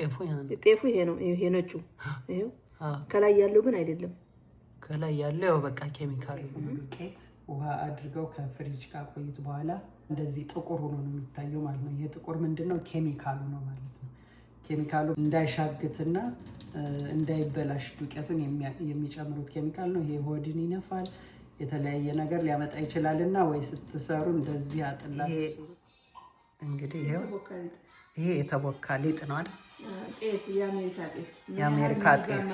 ጤፉ ይሄ ነው። ይሄ ነጩ ይሄው። ከላይ ያለው ግን አይደለም። ከላይ ያለው በቃ ኬሚካል ዱቄት ውሃ አድርገው ከፍሪጅ ካቆዩት በኋላ እንደዚህ ጥቁር ሆኖ ነው የሚታየው ማለት ነው። ይሄ ጥቁር ምንድን ነው? ኬሚካሉ ነው ማለት ነው። ኬሚካሉ እንዳይሻግትና እንዳይበላሽ ዱቄቱን የሚጨምሩት ኬሚካል ነው። ይሄ ሆድን ይነፋል፣ የተለያየ ነገር ሊያመጣ ይችላል። እና ወይ ስትሰሩ እንደዚህ አጥላ እንግዲህ ይሄ የተቦካ ሊጥ ነው አይደል? ጤፍ የአሜሪካ ጤፍ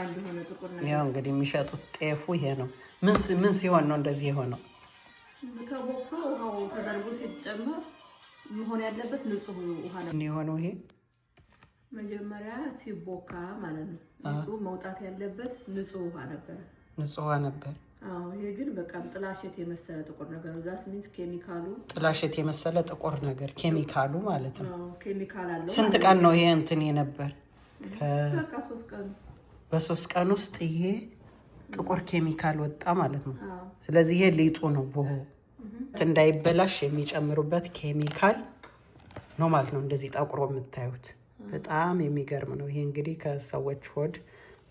ያው እንግዲህ የሚሸጡት ጤፉ ይሄ ነው። ምን ሲሆን ነው እንደዚህ የሆነው? ተቦክቶ ውሃው ተደርጎ ሲጨመር መሆን ያለበት ንጹህ ውሃ ነው የሆነው። ይሄ መጀመሪያ ሲቦካ ማለት ነው መውጣት ያለበት ንጹህ ውሃ ነበር፣ ንጹህ ውሃ ነበር። ይሄ ግን በቃ ጥላሸት የመሰለ ጥቁር ነገር ዛስ ሚንስ ኬሚካሉ ጥላሸት የመሰለ ጥቁር ነገር ኬሚካሉ ማለት ነው። ኬሚካል አለው። ስንት ቀን ነው ይሄ እንትን የነበር? በሶስት ቀን ውስጥ ይሄ ጥቁር ኬሚካል ወጣ ማለት ነው። ስለዚህ ይሄ ሊጡ ነው። ቦሆ እንዳይበላሽ የሚጨምሩበት ኬሚካል ነው ማለት ነው። እንደዚህ ጠቁሮ የምታዩት በጣም የሚገርም ነው። ይሄ እንግዲህ ከሰዎች ሆድ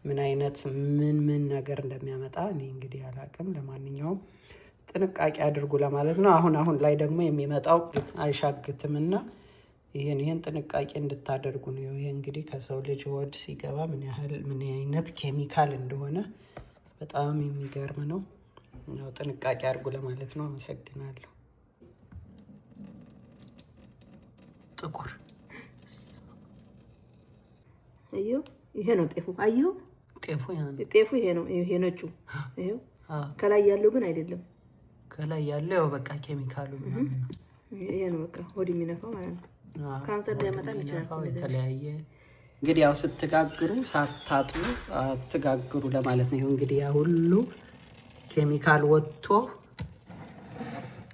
ምን አይነት ምን ምን ነገር እንደሚያመጣ እኔ እንግዲህ አላቅም። ለማንኛውም ጥንቃቄ አድርጉ ለማለት ነው። አሁን አሁን ላይ ደግሞ የሚመጣው አይሻግትም እና ይህን ይህን ጥንቃቄ እንድታደርጉ ነው። ይህ እንግዲህ ከሰው ልጅ ወድ ሲገባ ምን ያህል ምን አይነት ኬሚካል እንደሆነ በጣም የሚገርም ነው። ያው ጥንቃቄ አድርጉ ለማለት ነው። አመሰግናለሁ። ጥቁር ይሄ ነው ጤፉ አየሁ ጤፉ ይሄ ነው። ይሄ ነጩ ከላይ ያለው ግን አይደለም። ከላይ ያለው በቃ ኬሚካሉ ይሄ ነው። በቃ ሆድ የሚነፋው ማለት ነው። ካንሰር ይችላል። የተለያየ እንግዲህ ያው ስትጋግሩ ሳታጥቡ አትጋግሩ ለማለት ነው። ይሄው እንግዲህ ያ ሁሉ ኬሚካል ወጥቶ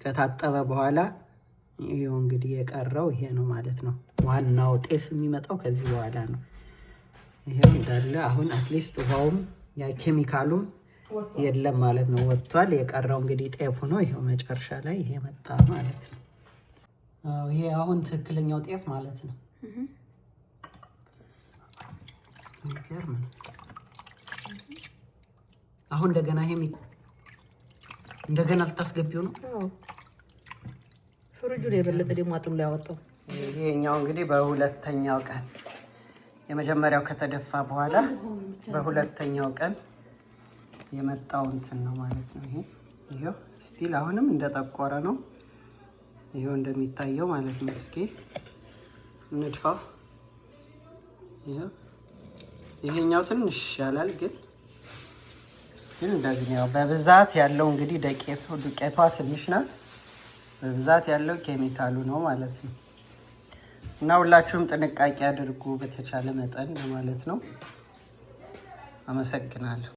ከታጠበ በኋላ ይሄው እንግዲህ የቀረው ይሄ ነው ማለት ነው። ዋናው ጤፍ የሚመጣው ከዚህ በኋላ ነው። ይሄው እንዳለ አሁን አትሊስት ውሃውም ያ ኬሚካሉም የለም ማለት ነው፣ ወጥቷል። የቀረው እንግዲህ ጤፉ ነው። ይሄው መጨረሻ ላይ ይሄ መጣ ማለት ነው። ይሄ አሁን ትክክለኛው ጤፍ ማለት ነው። የሚገርም ነው። አሁን እንደገና ይሄም እንደገና ልታስገቢው ነው። ፍሪጁ የበለጠ ደግሞ አጥም ላይ አወጣው። ይሄኛው እንግዲህ በሁለተኛው ቀን የመጀመሪያው ከተደፋ በኋላ በሁለተኛው ቀን የመጣው እንትን ነው ማለት ነው። ይሄ ይሄው ስቲል አሁንም እንደጠቆረ ነው። ይሄው እንደሚታየው ማለት ነው። እስኪ እንድፋው። ይሄኛው ትንሽ ይሻላል ግን ግን እንደዚህ ነው። በብዛት ያለው እንግዲህ ዱቄቷ ትንሽ ናት። በብዛት ያለው ኬሚካሉ ነው ማለት ነው። እና ሁላችሁም ጥንቃቄ አድርጉ በተቻለ መጠን ለማለት ነው። አመሰግናለሁ።